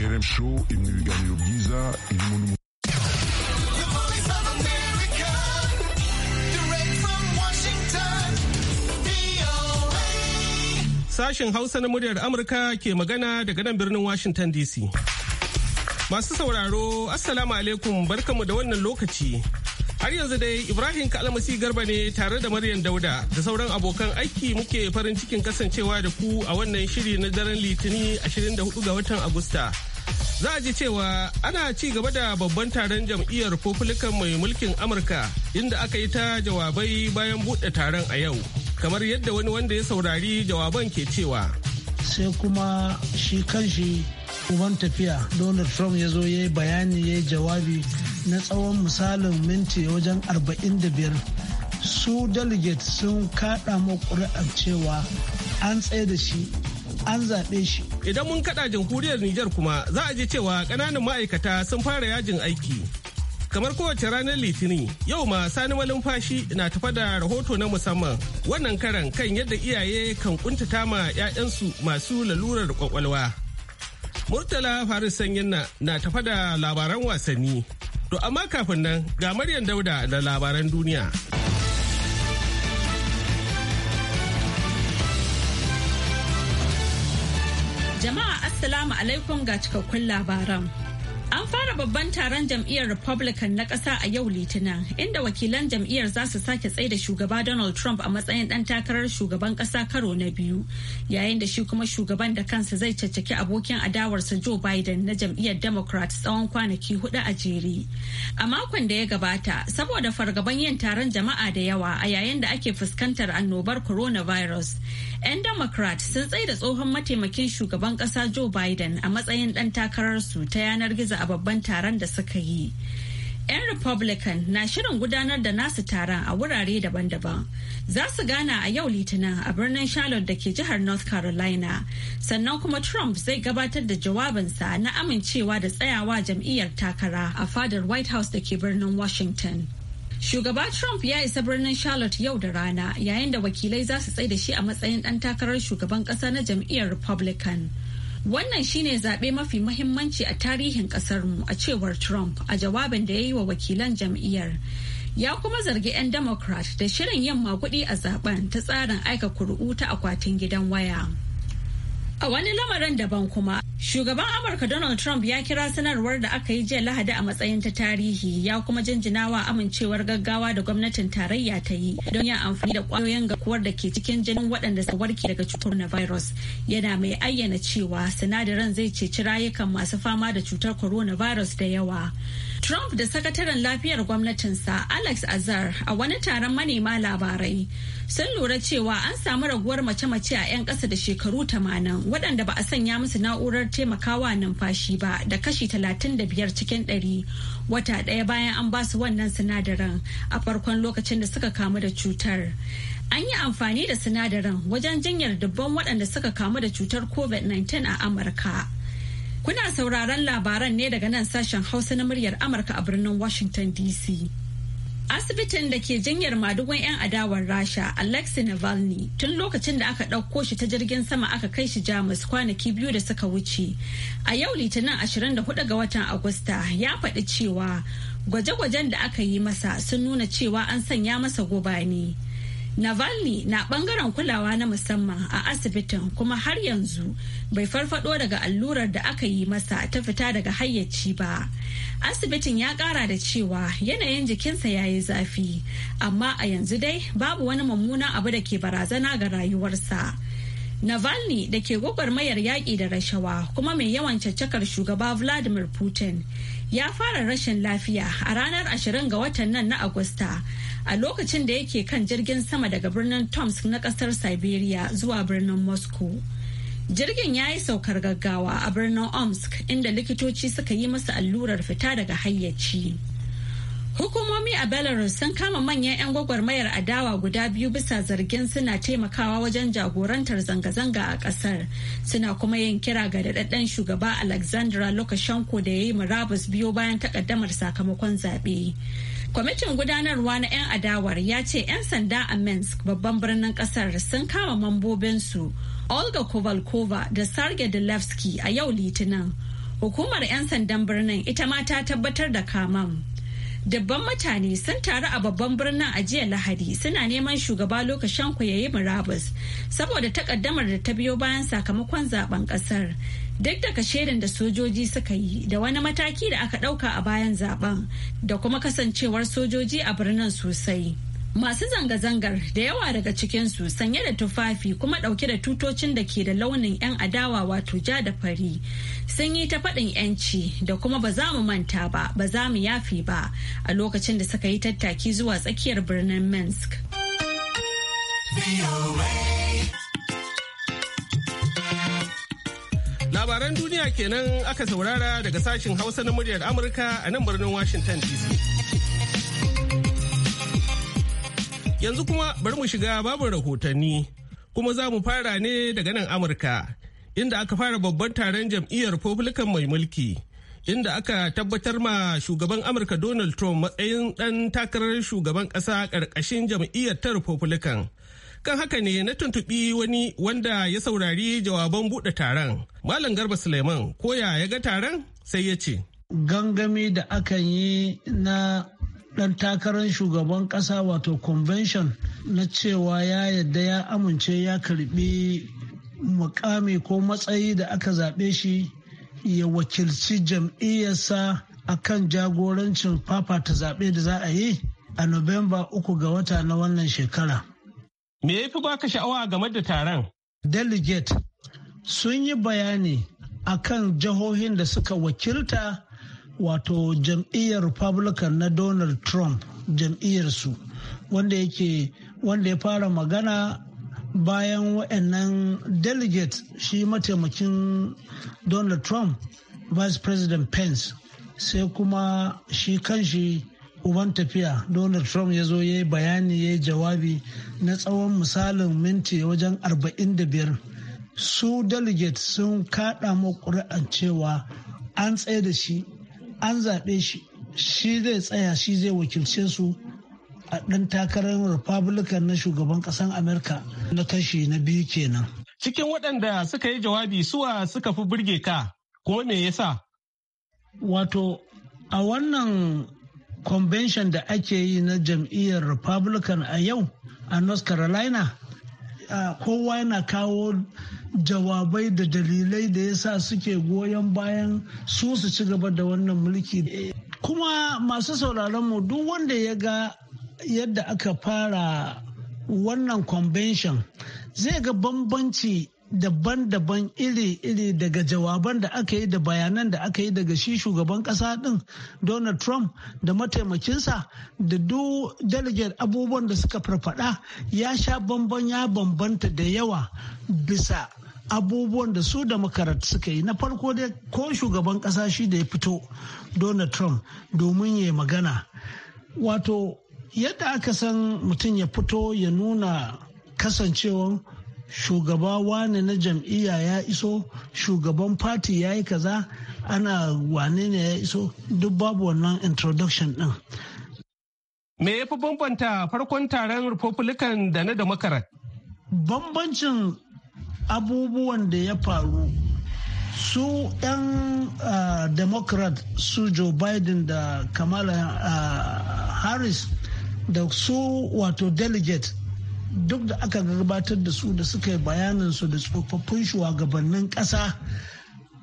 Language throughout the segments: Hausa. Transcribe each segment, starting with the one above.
ኤሬም Sashen Hausa na muryar Amurka ke magana daga nan birnin Washington DC. Masu sauraro, Assalamu alaikum barkamu da wannan lokaci. Har yanzu dai Ibrahim Kalmasi Garba ne tare da Maryam Dauda da sauran abokan aiki muke farin cikin kasancewa da ku a wannan shiri na daren Litini 24 ga watan Agusta. Za a ji cewa ana ci gaba da babban taron jam'iyyar Republican mai mulkin Amurka inda aka yi ta jawabai bayan buɗe taron a yau. Kamar yadda wani wanda ya saurari jawaban ke cewa. sai kuma shi kanshi uban tafiya donald trump ya zo ya yi bayani ya yi jawabi na tsawon misalin minti wajen 45 su delegate sun kaɗa ƙuri'ar cewa an tsaye da shi an zaɓe shi. Idan mun kaɗa jamhuriyar Niger kuma za a ji cewa ƙananan ma'aikata sun fara yajin aiki. Kamar kowace ranar Litinin, yau ma Sani Malumfashi na tafa da rahoto na musamman wannan karan kan yadda iyaye kan kuntata ma 'ya'yansu masu lalurar kwakwalwa. Murtala Faris sanyin na tafa da labaran wasanni. To amma kafin nan ga maryan Dauda da labaran duniya. Jama'a Assalamu alaikum ga cikakkun labaran. An fara babban taron jam'iyyar Republican na ƙasa a yau Litinin, inda wakilan jam'iyyar za su sake tsaida shugaba Donald Trump a matsayin ɗan takarar shugaban ƙasa karo na biyu, yayin da shi kuma shugaban da kansa zai caccaki abokin adawarsa Joe Biden na jam'iyyar Democrat tsawon kwanaki hudu a jere. A makon da ya gabata, saboda fargaban yin taron jama'a da yawa a yayin da ake fuskantar annobar coronavirus. 'Yan Democrat sun da tsohon mataimakin shugaban kasa Joe Biden a matsayin ɗan takararsu ta yanar gizo a babban taron da suka yi. 'Yan Republican na shirin gudanar da nasu taron a wurare daban-daban. Za su gana a yau Litinin a birnin Charlotte da ke jihar North Carolina. Sannan kuma Trump zai gabatar da jawabinsa na amincewa da tsayawa jam'iyyar takara a fadar White House da ke birnin Washington. Shugaba Trump ya isa birnin Charlotte yau da rana yayin da wakilai za su tsaye da shi a matsayin ɗan takarar shugaban ƙasa na jam'iyyar Republican. Wannan shine zaɓe mafi mahimmanci a tarihin ƙasarmu a cewar Trump a jawabin da ya yi wa wakilan jam'iyyar. Ya kuma zargi 'yan Democrat da shirin yin maguɗi a zaben ta tsarin aika kuri'u ta akwatin gidan waya. A wani lamarin daban kuma, shugaban Amurka Donald Trump ya kira sanarwar da aka yi jiya Lahadi a matsayin ta tarihi ya kuma jinjinawa amincewar gaggawa da gwamnatin tarayya ta yi don yin amfani da kwayoyin gakuwar da ke cikin jinin waɗanda su warke daga cutar coronavirus. Yana mai ayyana cewa sinadarin zai ceci rayukan masu fama da cutar coronavirus da yawa. Trump da sakataren lafiyar gwamnatinsa Alex Azar a wani taron manema labarai sun lura cewa an samu raguwar mace-mace a 'yan ƙasa da shekaru 80 waɗanda ba a sanya musu na'urar taimakawa numfashi ba da kashi 35 cikin 100 wata ɗaya bayan an basu wannan sinadarin a farkon lokacin da suka kamu da cutar. An yi amfani da sinadarin wajen jinyar dubban waɗanda suka kamu da cutar COVID-19 a Amurka. Kuna sauraron labaran ne daga nan sashen Hausa na muryar Amurka a birnin Washington DC. Asibitin da ke jinyar madugun 'yan adawar Rasha, Alexei Navalny, tun lokacin da aka ɗauko shi ta jirgin sama aka kai shi Jamus kwanaki biyu da suka wuce. A yau Litinin 24 ga watan Agusta ya faɗi cewa gwaje-gwajen da aka yi masa sun nuna cewa an sanya masa gobani. ne. Navalny na bangaren kulawa na musamman a asibitin kuma har yanzu bai farfado daga allurar da aka yi masa ta fita daga hayyaci ba. Asibitin ya kara da cewa yanayin jikinsa ya yi zafi, amma a yanzu dai babu wani mummunan abu da ke barazana ga rayuwarsa. Navalny da ke gwagwarmayar yaƙi da rashawa kuma mai yawan caccakar shugaba Vladimir Putin ya fara rashin lafiya a ranar ashirin ga watan nan na Agusta a lokacin da yake kan jirgin sama daga birnin Tomsk na kasar Siberia zuwa birnin Moscow. Jirgin ya yi saukar gaggawa a birnin Omsk inda likitoci suka yi masa allurar fita daga hayyaci. Hukumomi a Belarus sun kama manyan 'yan gwagwarmayar adawa guda biyu bisa zargin suna taimakawa wajen jagorantar zanga-zanga a kasar. Suna kuma yin kira ga daɗaɗɗen shugaba Alexandra Lukashenko da ya yi murabus biyu bayan takaddamar sakamakon zaɓe. Kwamitin gudanarwa na 'yan adawar ya ce 'yan sanda a Minsk babban birnin kasar sun kama mambobinsu Olga Kovalkova da Sarge Delevsky a yau Litinin. Hukumar 'yan sandan birnin ita ma ta tabbatar da kaman. Dabban mutane sun taru a babban birnin a jiya Lahadi suna neman shugaba lokacin ya yi murabus saboda takaddamar da ta biyo bayan sakamakon zaben kasar. Duk da kasherin da sojoji suka yi da wani mataki da aka ɗauka a bayan zaben da kuma kasancewar sojoji a birnin sosai. Masu zanga-zangar da yawa daga cikinsu sanye da tufafi kuma ɗauke da tutocin da ke da launin 'yan adawa wato ja da fari sun yi ta faɗin 'yanci da kuma ba za mu manta ba ba za mu yafi ba a lokacin da suka yi tattaki zuwa tsakiyar birnin Minsk. Labaran duniya kenan aka saurara daga sashen Hausa na muryar Amurka a nan birnin Washington DC. Yanzu kuma bari mu shiga babu rahotanni kuma za mu fara ne daga nan Amurka inda aka fara babban taron jam'iyyar Republican mai mulki inda aka tabbatar ma shugaban Amurka Donald Trump matsayin ɗan takarar shugaban ƙasa karkashin jam'iyyar ta Republican. kan haka ne na tuntubi wani wanda ya saurari jawaban buɗe taron malam garba suleiman koya ya ga taron sai ya ce gangami da aka yi na dan takarar shugaban kasa wato convention na cewa ya yadda ya amince ya karbi mukami ko matsayi da aka zaɓe shi ya wakilci jam'iyyarsa a kan jagorancin fafata zaɓe da za a yi a Novemba uku ga wata na wannan shekara. Me ya fi baka sha'awa game da taron? Delegate sun yi bayani a kan jihohin da suka wakilta wato jam'iyyar republican na donald trump jam'iyyarsu wanda wanda ya fara magana bayan waɗannan delegate shi mataimakin donald trump vice president pence sai kuma shi kanshi uban tafiya donald trump ya zo ya yi bayani ya yi jawabi na tsawon misalin minti wajen 45 su delegate sun kaɗa ma ƙuri'an cewa an tsaye da shi an zaɓe shi shi zai tsaya shi zai wakilce su a ɗan takarar republican na shugaban ƙasar Amurka na kashi na biyu kenan cikin waɗanda suka yi jawabi suwa suka fi burge ka ko me yasa wato a wannan convention da ake yi na jam'iyyar republican a yau a north carolina kowa yana kawo jawabai da dalilai da ya sa suke goyon bayan su su ci gaba da wannan mulki kuma masu sauraron mu duk wanda ya ga yadda aka fara wannan convention zai ga bambanci daban-daban iri-iri daga jawaban da aka yi da bayanan da aka yi daga shi shugaban kasa din donald trump da mataimakinsa da duk delegate abubuwan da suka farfada ya sha bamban ya bambanta da yawa bisa abubuwan da su da makarat suka yi na farko dai ko shugaban kasa shi da ya fito donald trump domin ya magana wato yadda aka san mutum ya fito ya nuna kasancewan shugaba wane na jam'iyya ya iso shugaban fati ya yi kaza ana wane ne ya iso duk babu wannan introduction din. me ya fi bambanta farkon taron republican da na democrat bambancin abubuwan da ya faru su 'yan uh, ah, democrat su joe biden da kamala uh, harris da su wato delegate duk da aka gabatar da su da suka yi bayanin su da tsofaffin shugabannin ƙasa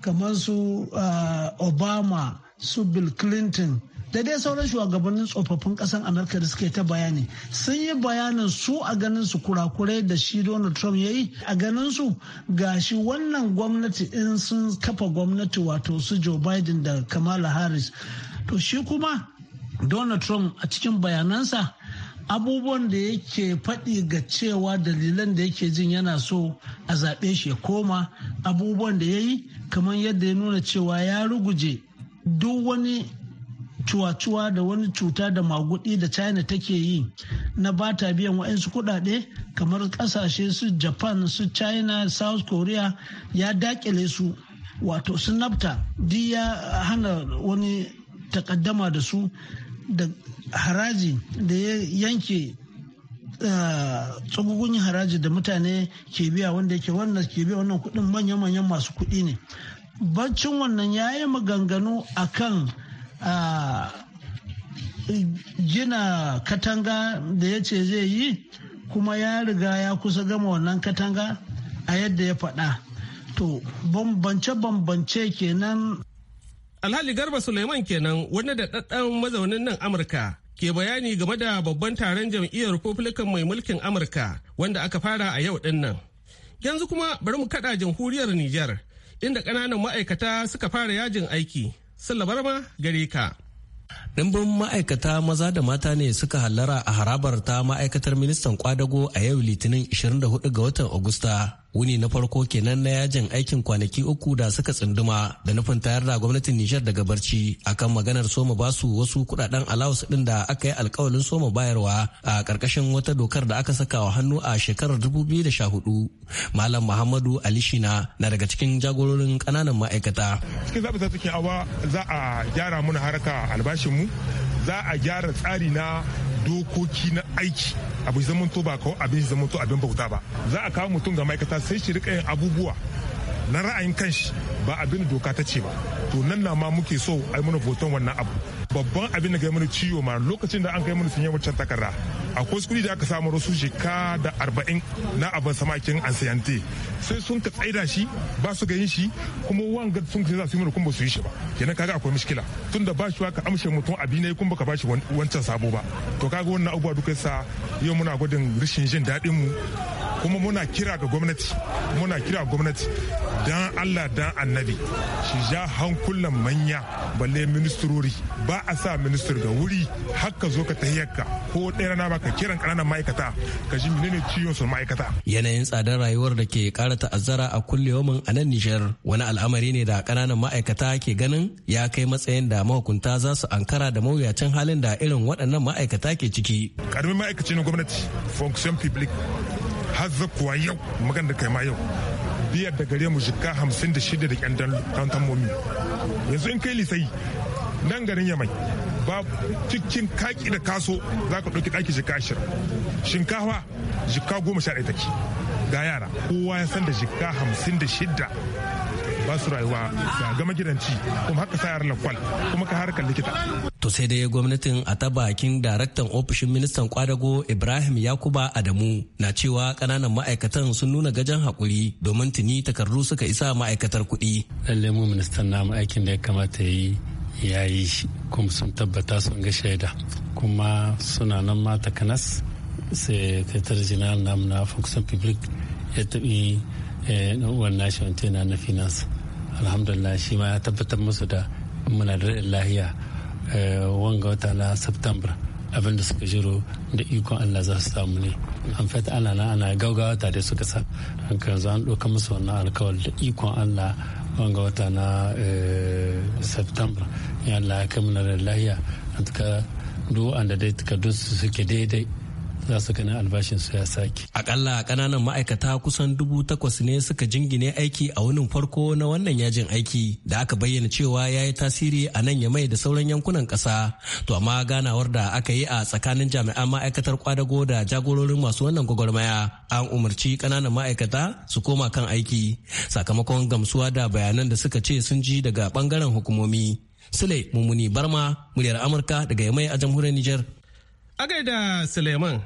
kamar su uh, obama su bill clinton da dai sauran shugabannin tsofaffin kasan amurka da suka yi ta bayani sun yi bayanin su a ganin su kurakurai da shi donald trump ya yi a ganin su Ga shi wannan gwamnati in sun kafa gwamnati wato su joe biden da kamala harris to shi kuma donald trump a cikin bayanansa abubuwan da yake faɗi ga cewa dalilan da yake jin yana so a zaɓe shi ya koma abubuwan da ya yi kamar yadda ya nuna cewa ya ruguje duk wani cuwa-cuwa da wani cuta da magudi da china take yi na ba ta biyan wa'insu kudade kamar kasashe su japan su china south korea ya dakile su wato su nafta duk ya hana wani takaddama da su da haraji da ya yanke ah, tsogogon haraji da mutane ke biya wanda yake wannan ke biya wannan kudin manya-manyan masu kudi ne baccin wannan ya yi maganganu a kan ah, gina katanga da ya ce zai yi kuma ya riga ya kusa gama wannan katanga a yadda ya faɗa to bambance-bambance kenan Alhali Garba Suleiman kenan wani da ɗaɗɗan mazaunin nan Amurka ke bayani game da babban taron jam'iyyar Republican mai mulkin Amurka wanda aka fara a yau ɗin nan. Yanzu kuma bari mu kaɗa jamhuriyar Nijar inda ƙananan ma'aikata suka fara yajin aiki. Sulla gare ka. Ɗimbin ma'aikata maza da mata ne suka hallara a harabar ta ma'aikatar ministan kwadago a yau litinin 24 ga watan Agusta wuni na farko kenan na yajin aikin kwanaki uku da suka tsunduma da nufin tayar da gwamnatin Nijar daga barci akan maganar soma basu wasu kudaden alawus din da aka yi alkawalin soma bayarwa a karkashin wata dokar da aka saka wa hannu a shekarar 2014 malam Muhammadu alishina na daga cikin jagororin kananan ma'aikata cikin zaɓe ke awa za a gyara mana harka albashin mu za a gyara tsari na dokoki na aiki abu zamanto ba kawai abin zamanto abin bauta ba za a kawo mutum ga ma'aikata sai shi rika yin abubuwa na ra'ayin kanshi ba abin doka ta ce ba to nan na ma muke so a yi mana voton wannan abu babban abin da ga mana ciwo ma lokacin da an kai mana sanya wancan takarda akwai kuɗi da aka samu rasu shika da arba'in na abin samakin ansayante sai sun ka tsaida shi ba su yin shi kuma wanga sun ka za su yi mana kuma su yi shi ba kenan kaga akwai mushkila tun da ba shi ka amshe mutum abi ne kuma ka ba shi wancan sabo ba to kaga wannan abubuwa duka sa yau muna gwadin rashin jin daɗin mu kuma muna kira ga gwamnati muna kira gwamnati dan allah dan annabi shi ja hankulan manya balle ministrori ba a sa minister ga wuri haka zo ka tahiyarka ko ɗaya rana baka kiran ƙananan ma'aikata ka ji menene ciwon su ma'aikata yanayin tsadar rayuwar da ke ƙara ta'azzara a kulliyomin a nan nijar wani al'amari ne da kananan ma'aikata ke ganin ya kai matsayin da mahukunta za su ankara da mawuyacin halin da irin waɗannan ma'aikata ke ciki ƙaramin ma'aikaci na gwamnati fonction public har kuwa yau magan da kai ma yau biyar da gare mu shiga hamsin da shida da kyan momi yanzu in kai lisai nan garin yamai ba cikin kaki da kaso za ka ɗauki ɗaki shiga ashirin shinkafa shiga goma sha ɗaya take ga yara kowa ya san da shiga hamsin da shida ba su rayuwa ga ci kuma haka sayar lakwal kuma ka harkar likita. To sai dai gwamnatin a ta bakin daraktan ofishin ministan kwadago Ibrahim Yakuba Adamu na cewa kananan ma'aikatan sun nuna gajen hakuri domin tuni takardu suka isa ma'aikatar kuɗi. Lallai mu ministan mu aikin da ya kamata ya yi ya yi kuma sun tabbata sun ga shaida kuma suna nan ma takanas sai tatar general na na fokusan public ya taɓi eh, na uwan nashi na finance alhamdulillah shi ma ya tabbatar musu da muna da lahiya eh, wanga wata na september abinda suka jiro da ikon allah za su samu ne an fata ana na ana gaugawa suka su kasa yanzu an ɗauka musu wannan alkawal da ikon allah wanga wata na eh, september ya allah ya kai muna da lahiya duka duk da dai takardun su suke daidai za su ganin albashin su ya sake. Akalla kananan ma'aikata kusan dubu takwas ne suka jingine aiki a wunin farko na wannan yajin aiki da aka bayyana cewa ya yi tasiri a nan yamai da sauran yankunan ƙasa. To amma ganawar da aka yi a tsakanin jami'an ma'aikatar kwadago da jagororin masu wannan gwagwarmaya an umarci kananan ma'aikata su koma kan aiki sakamakon gamsuwa da bayanan da suka ce sun ji daga bangaren hukumomi. Sule Mummuni Barma, muryar Amurka daga Yamai a jamhuriyar Nijar. Agaida Suleiman,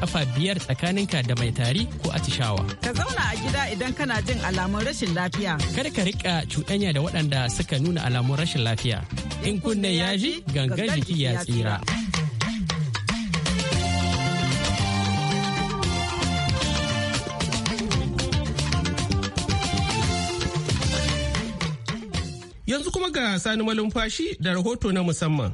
kafa biyar tsakaninka da mai tari ko atishawa. Ka zauna a gida idan kana jin alamun rashin lafiya. Kada ka rika cuɗanya da waɗanda suka nuna alamun rashin lafiya. In kunne ya ji gangan jiki ya tsira. Yanzu kuma ga sani malumfashi da rahoto na musamman.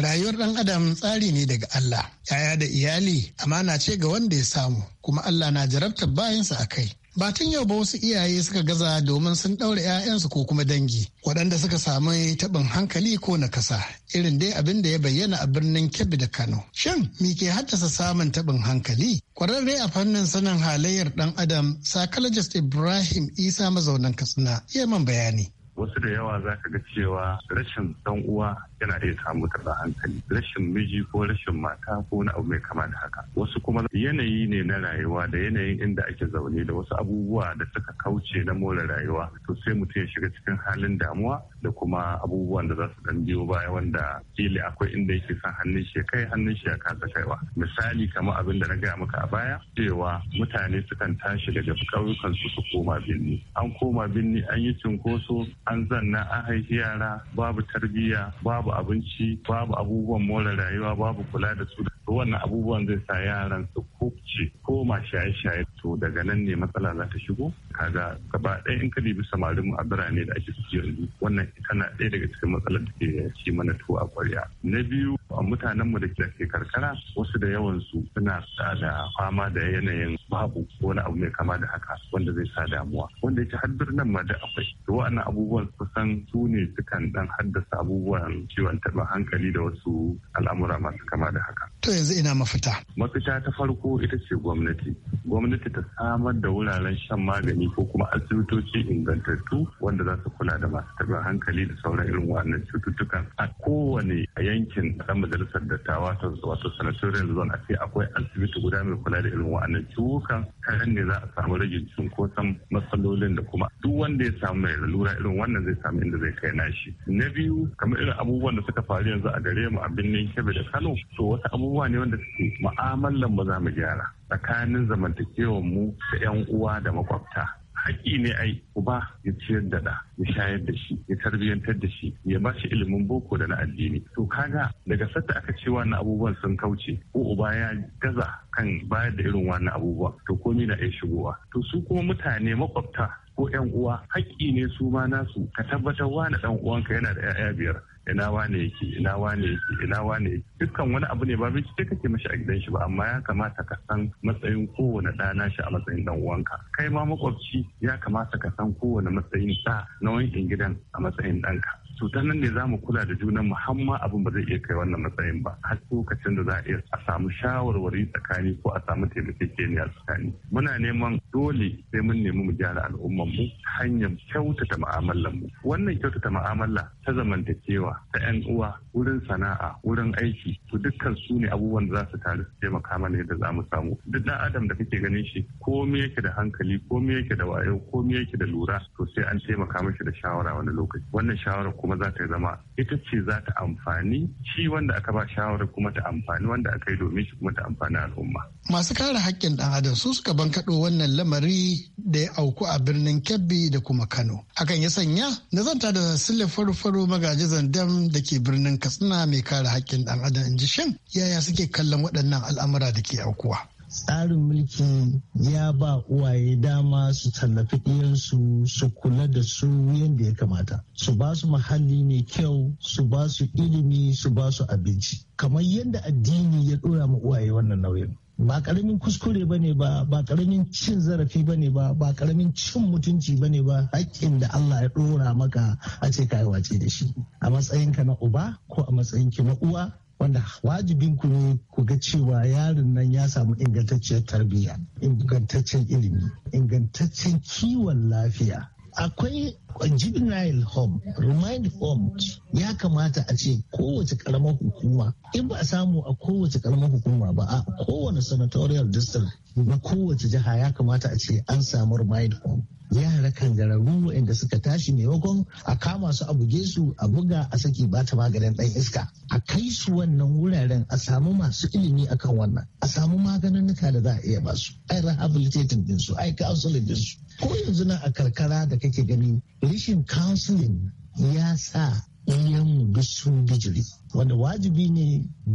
Rayuwar ɗan adam tsari ne daga Allah, ‘ya'ya da iyali amana ce ga wanda ya samu, kuma Allah na jarabtar bayansa a kai. Batun yau ba wasu iyaye suka gaza domin sun ɗaura 'ya'yansu ko kuma dangi, waɗanda suka samu taɓin hankali ko nakasa, irin dai abin da ya bayyana a birnin Kebbi da Kano. Shin, me ke haddasa samun taɓin hankali? Kwararre a fannin sanin halayyar ɗan Adam, Psychologist Ibrahim Isa mazaunan Katsina, iya man bayani. wasu da yawa za ka ga cewa rashin dan uwa yana iya samu taɓa hankali rashin miji ko rashin mata ko na abu mai kama da haka wasu kuma yanayi ne na rayuwa da yanayin inda ake zaune da wasu abubuwa da suka kauce na more rayuwa to sai mutum ya shiga cikin halin damuwa da kuma abubuwan da za su dan biyo baya wanda kila akwai inda yake son hannun shi kai hannun shi ya kasa kaiwa misali kamar abin da na gaya maka a baya cewa mutane sukan tashi daga ƙauyukan su su koma birni an koma birni an yi cinkoso an zanna an haifi yara babu tarbiyya babu babu abinci babu abubuwan more rayuwa babu kula da su wannan abubuwan zai sa yaran su kubce ko ma shaye-shaye to daga nan ne matsala za ta shigo kaga gaba ɗaya in ka dubi samarin a birane da ake suke yanzu wannan tana ɗaya daga cikin matsalar da ke ci mana tuwo a kwarya na biyu mutanen mu da ke karkara wasu da yawan su suna da fama da yanayin babu wani abu mai kama da haka wanda zai sa damuwa wanda yake har birnin ma da akwai to wa'annan abubuwan kusan su ne sukan dan haddasa abubuwan ciwon taɓin hankali da wasu al'amura masu kama da haka to yanzu ina mafita mafita ta farko ita ce gwamnati gwamnati ta samar da wuraren shan magani ko kuma asibitoci ingantattu wanda za su kula da masu taɓa hankali da sauran irin wannan cututtukan a kowane yankin ɗan majalisar dattawa wato sanatorial zone a ce akwai asibiti guda mai kula da irin wannan ciwukan kan ne za a samu ragin cunkoson matsalolin da kuma duk wanda ya samu mai lura irin wannan zai samu inda zai kai nashi na biyu kamar irin abubuwan da suka faru yanzu a gare mu a birnin Kebbi da kano to wata abubuwan abubuwa ne wanda suke mu'amalan ba za mu gyara tsakanin zamantakewan mu da 'yan uwa da makwabta haƙƙi ne ai uba ya ciyar da ɗa ya shayar da shi ya tarbiyyantar da shi ya ba shi ilimin boko da na addini to kaga daga sata aka ce wannan abubuwan sun kauce ko uba ya gaza kan bayar da irin wannan abubuwa to komi na iya shigowa to su kuma mutane makwabta ko yan uwa haƙƙi ne su ma nasu ka tabbatar wani ɗan uwanka yana da 'ya'ya biyar ina wane yake ina wane yake ina wane yake dukkan wani abu ne ba bai ce kake mashi a gidan shi ba amma ya kamata ka san matsayin kowane ɗa na shi a matsayin dan uwanka kai ma makwabci ya kamata ka san kowane matsayin sa na wankin gidan a matsayin ɗanka to ta nan ne za mu kula da junan mu Hamma abin ba zai iya kai wannan matsayin ba har lokacin da za a iya a samu shawarwari tsakani ko a samu taimakekeniya tsakani muna neman dole sai mun nemi mu gyara al'umman mu hanyar kyautata mu'amalar mu wannan kyautata mu'amala ta zamantakewa ta yan uwa wurin sana'a wurin aiki to dukkan su ne abubuwan da za su taru su taimaka mana yadda za mu samu duk dan adam da kake ganin shi ko me yake da hankali ko me yake da wayo ko me yake da lura to sai an taimaka mishi da shawara wani lokaci wannan shawara kuma za ta zama ita ce za ta amfani shi wanda aka ba shawarar kuma ta amfani wanda aka yi domin shi kuma ta amfani al'umma. Masu kare haƙƙin ɗan adam su suka bankaɗo wannan lamari da ya auku a birnin Kebbi da kuma Kano. Hakan ya sanya na zanta da Sule Farfaro magaji zandam da ke birnin Katsina mai kare haƙƙin ɗan adam in ji shin yaya suke kallon waɗannan al'amura da ke aukuwa. tsarin mulki ya ba uwaye dama su tallafi ɗiyansu su kula da su yadda ya kamata su ba su muhalli mai kyau su ba su ilimi su ba su abinci kamar yadda addini ya ɗora ma uwaye wannan nauyin ba karamin kuskure bane ba ba karamin cin zarafi bane ba ba karamin cin mutunci bane ba haƙƙin da Allah ya ɗora maka a ce kai wace da shi a matsayinka na uba ko a matsayinki na uwa wanda wajibin ku ne ku ga cewa yarin nan ya samu ingantacciyar tarbiyya ingantaccen ilimi ingantaccen kiwon lafiya akwai juvenile home remind home ya kamata a ce kowace karamar hukuma in ba a samu a kowace karamar hukuma ba a kowane senatorial district na kowace jiha ya kamata a ce an samu remind home yara kangararru inda suka tashi maimakon a kama su a buge su a buga a saki ba ta maganin ɗan iska a kai su wannan wuraren a samu masu ilimi akan wannan a samu maganin maganinnuka da za a iya ba su ai rehabilitating din su ai counseling din su ko yanzu na a karkara da kake gani rishin counseling ya sa iyayenmu duk sun bijiri wanda wajibi ne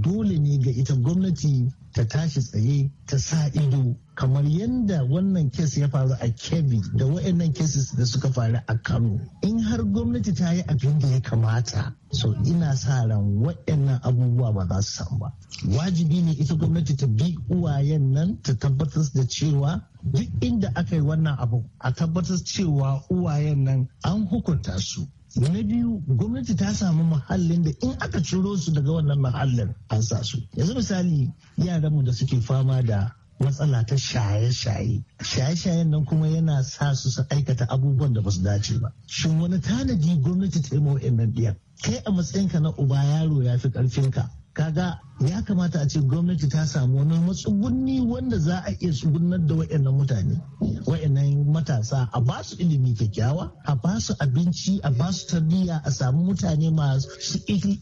dole ne ga ita gwamnati ta tashi tsaye ta sa ido kamar yadda wannan kes ya faru a kebbi da waɗannan cases da suka faru a kano in har gwamnati ta yi abin da ya kamata so ina sa ran waɗannan abubuwa ba za su samu ba wajibi ne ita gwamnati ta bi uwayen nan ta tabbatar da cewa duk inda aka yi wannan abu a tabbatar cewa uwayen nan an hukunta su na biyu gwamnati ta samu muhallin da in aka ciro su daga wannan muhallin an sa su yanzu misali yaranmu da suke fama da matsala ta shaye-shaye shaye-shayen nan kuma yana sa su su aikata abubuwan da ba su dace ba shin wani tanadi gwamnati ta yi ma'o'in nan biyar? kai a matsayinka na uba yaro ya fi ƙarfinka kaga ya kamata a ce gwamnati ta samu wani matsugunni wanda za a iya tsugunar da wa'annan mutane wayannan matasa a ba su ilimi kyakkyawa a ba su abinci a ba su tarbiyya a samu mutane masu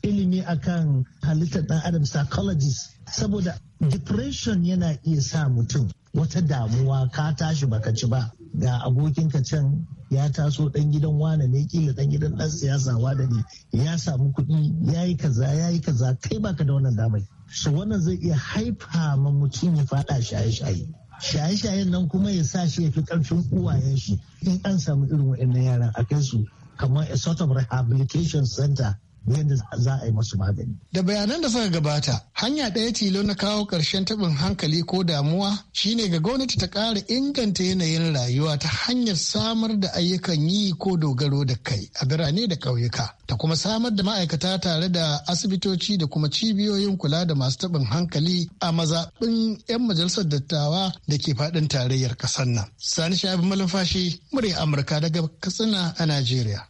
ilimi akan halittar dan adam psychologist saboda depression yana iya sa mutum wata damuwa ka tashi baka ci ba ga abokinka can ya taso dan gidan wane ne kila dan gidan dan siyasa wane ne ya samu kuɗi ya yi kaza ya yi kaza kai baka da wannan damar so wannan zai iya haifa ma mutum ya faɗa shaye-shaye shaye-shayen nan kuma ya sa shi ya fi ƙarfin uwayen shi in an samu irin wa'annan yaran a kai su kamar a sort of rehabilitation center yadda za a yi masu magani. Da bayanan da suka gabata, hanya ɗaya tilo na kawo ƙarshen taɓin hankali ko damuwa shine ga gwamnati ta ƙara inganta yanayin rayuwa ta hanyar samar da ayyukan yi ko dogaro da kai a birane da ƙauyuka. Ta kuma samar da ma'aikata tare da asibitoci da kuma cibiyoyin kula da masu taɓin hankali a mazaɓin 'yan majalisar dattawa da ke faɗin tarayyar ƙasar nan. Sani Shabi Malumfashi, murya Amurka daga Katsina a Najeriya.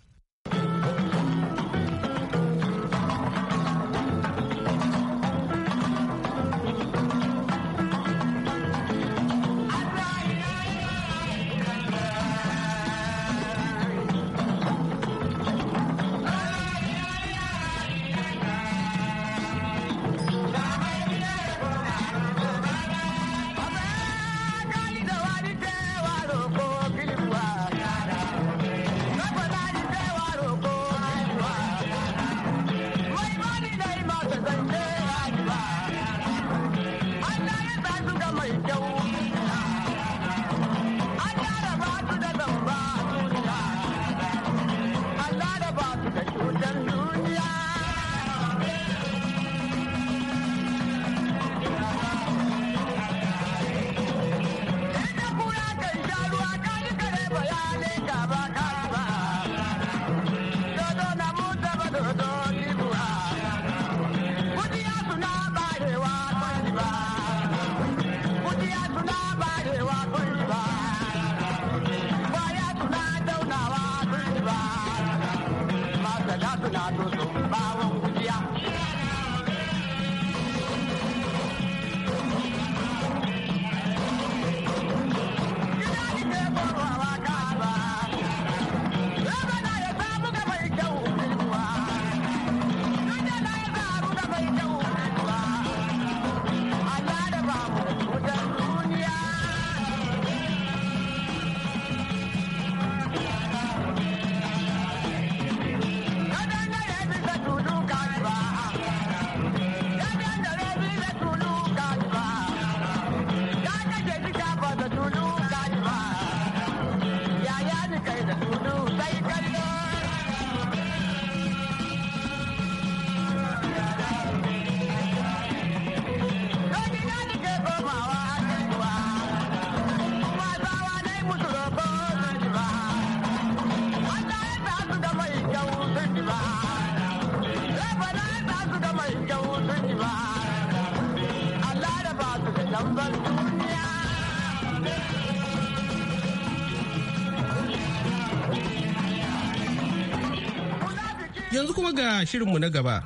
kuma ga shirinmu na gaba.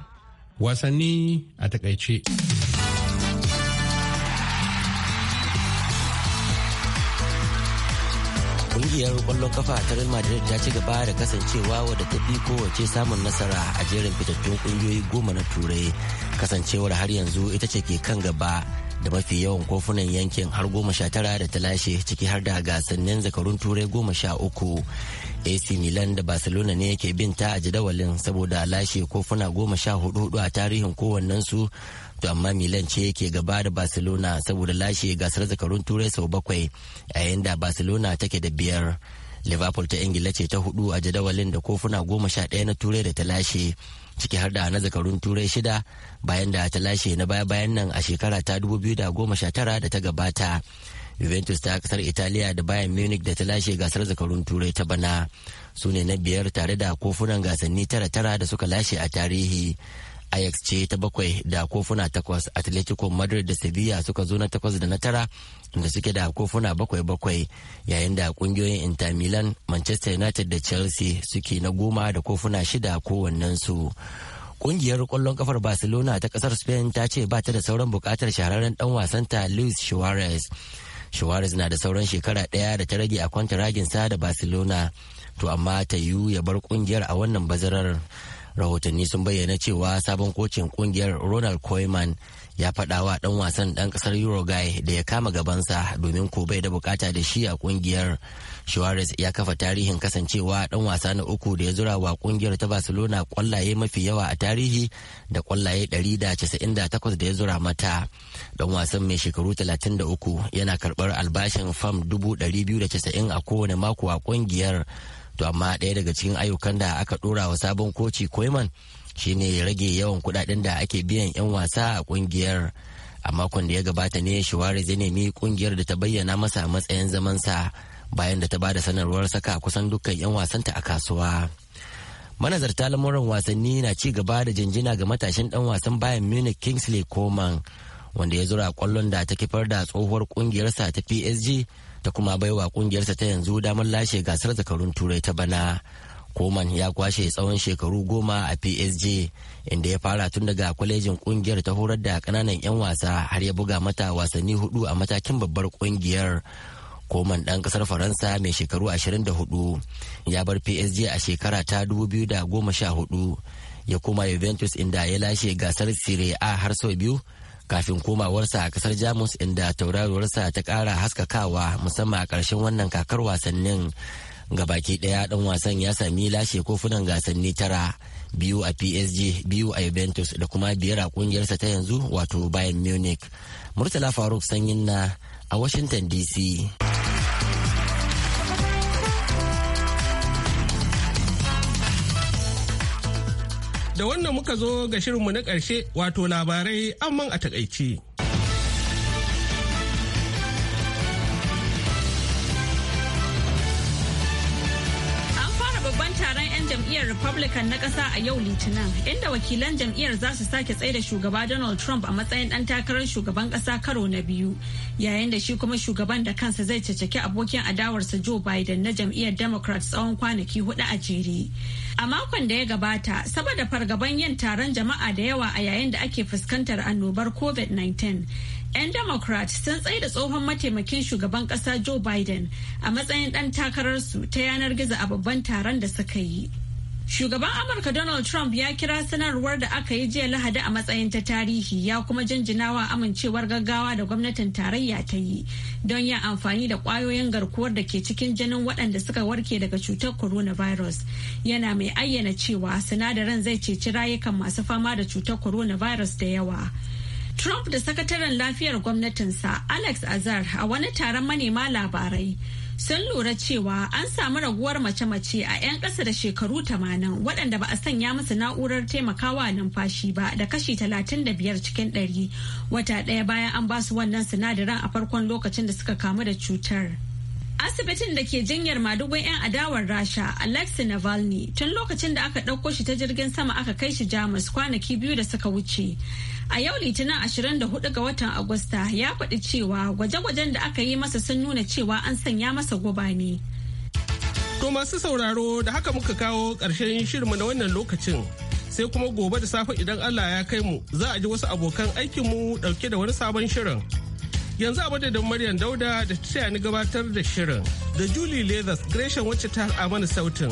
Wasanni a takaice. Ƙungiyar ƙwallon kafa ta Real Madrid ta ci gaba da kasancewa wadda ta fi kowace samun nasara a jerin fitattun ƙungiyoyi goma na Turai. Kasancewar har yanzu ita ce ke kan gaba da mafi yawan kofunan yankin har goma sha tara da ta lashe ciki har da gasannin zakarun turai goma sha uku ac milan da barcelona ne yake bin ta a jadawalin saboda lashe kofuna goma sha hudu a tarihin kowannensu to amma milan ce yake gaba da barcelona saboda lashe gasar zakarun turai sau bakwai yayin da barcelona take da biyar liverpool ta ingila ce ta hudu a jadawalin da kofuna goma sha ɗaya na turai da ta lashe ciki har da na zakarun turai shida bayan da ta lashe na baya bayan nan a shekara ta 2019 da ta gabata juventus ta kasar italiya da bayan munich da ta lashe gasar zakarun turai ta bana su ne na biyar tare da kofunan gasanni tara tara da suka lashe a tarihi ajax ce ta bakwai da kofuna takwas atletico madrid da sevilla suka zo na takwas da na tara da suke da kofuna bakwai bakwai yayin da kungiyoyin inter milan manchester united da chelsea suke na goma da kofuna shida su kungiyar kwallon kafar barcelona ta kasar spain ta ce ba ta da sauran bukatar shahararren dan wasan ta luis suarez Suarez na da sauran shekara daya da ta rage a kwantaraginsa da Barcelona, to amma ta yiwu ya bar kungiyar a wannan bazarar. rahotanni sun bayyana cewa sabon kocin kungiyar ronald koyman ya faɗa wa ɗan wasan ɗan ƙasar uruguay da ya kama gabansa domin ko bai da bukata da shi a kungiyar suarez ya kafa tarihin kasancewa ɗan wasa na uku da ya zura wa kungiyar ta barcelona kwallaye mafi yawa a tarihi da kwallaye 198 da ya zura mata ɗan wasan mai shekaru 33 yana karɓar albashin fam 290 a kowane mako a kungiyar to amma ɗaya daga cikin ayyukan da aka ɗora wa sabon koci koyman shine rage yawan kuɗaɗen da ake biyan 'yan wasa a ƙungiyar a makon da ya gabata ne shiwari zai nemi ƙungiyar da ta bayyana masa matsayin zamansa bayan da ta ba da sanarwar saka kusan dukkan 'yan wasanta a kasuwa manazarta lamuran wasanni na ci gaba da jinjina ga matashin dan wasan bayan munich kingsley koman wanda ya zura kwallon da ta kifar da tsohuwar kungiyarsa ta PSG ta kuma baiwa kungiyarsa ta yanzu damar lashe gasar zakarun turai ta bana. Koman ya kwashe tsawon shekaru goma a PSG inda ya fara tun daga kwalejin kungiyar ta horar da kananan 'yan wasa har ya buga mata wasanni hudu a matakin babbar kungiyar. Koman ɗan ƙasar Faransa mai shekaru 24 ya bar PSG a shekara ta 2014 ya kuma Juventus inda ya lashe gasar Serie A har sau biyu kafin komawarsa a kasar jamus inda tauraruwarsa ta kara haskakawa musamman a ƙarshen wannan kakar wasannin baki ɗaya ɗan wasan ya sami lashe kofunan gasanni tara biyu a psg biyu a juventus da kuma biyar a ƙungiyarsa ta yanzu wato bayan munich murtala faruk sanyin na a washington dc da wannan muka zo ga shirinmu na ƙarshe wato labarai amman a takaice. Republican na ƙasa a yau Litinin, inda wakilan jam'iyyar za su sake tsaida shugaba Donald Trump a matsayin ɗan takarar shugaban ƙasa karo na biyu, yayin da shi kuma shugaban da kansa zai caceki abokin adawarsa Joe Biden na jam'iyyar Democrat tsawon kwanaki hudu a jere. A makon da ya gabata, saboda fargaban yin taron jama'a da yawa a yayin da ake fuskantar annobar COVID-19, 'yan democrat sun tsaye tsohon mataimakin shugaban ƙasa joe biden a matsayin dan takararsu ta yanar gizo a babban taron da suka yi Shugaban Amurka Donald Trump ya kira sanarwar da aka yi jiya Lahadi a matsayin ta tarihi ya kuma jinjinawa amincewar gaggawa da gwamnatin tarayya ta yi don yin amfani da kwayoyin garkuwar da ke cikin jinin waɗanda suka warke daga cutar coronavirus. Yana mai ayyana cewa sinadaran zai ceci rayukan masu fama da cutar coronavirus da yawa. Trump da sakataren lafiyar gwamnatinsa Alex Azar a wani taron manema labarai sun lura cewa an samu raguwar mace-mace a 'yan ƙasa da shekaru 80 waɗanda ba a sanya musu na'urar taimakawa numfashi ba da kashi 35 cikin 100 wata ɗaya bayan an basu wannan sinadaran a farkon lokacin da suka kamu da cutar. Asibitin da ke jinyar madugun 'yan adawar Rasha, Alexei Navalny, tun lokacin da aka ɗauko shi ta jirgin sama aka kai shi Jamus kwanaki biyu da suka wuce. A yau Litinin 24 ga watan Agusta ya faɗi cewa gwaje-gwajen da aka yi masa sun nuna cewa an sanya masa guba ne. To masu sauraro da haka muka kawo ƙarshen shirinmu na wannan lokacin. Sai kuma gobe da safe idan Allah ya kai mu za a ji wasu abokan aikinmu ɗauke da wani sabon shirin. yanzu a madadin Maryam Dauda da ta ni gabatar da shirin da Julie Leathers Gresham wacce ta a mana sautin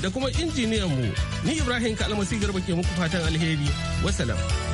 da kuma injiniyanmu ni Ibrahim Kalmasi Garba ke muku fatan alheri. Wasalam.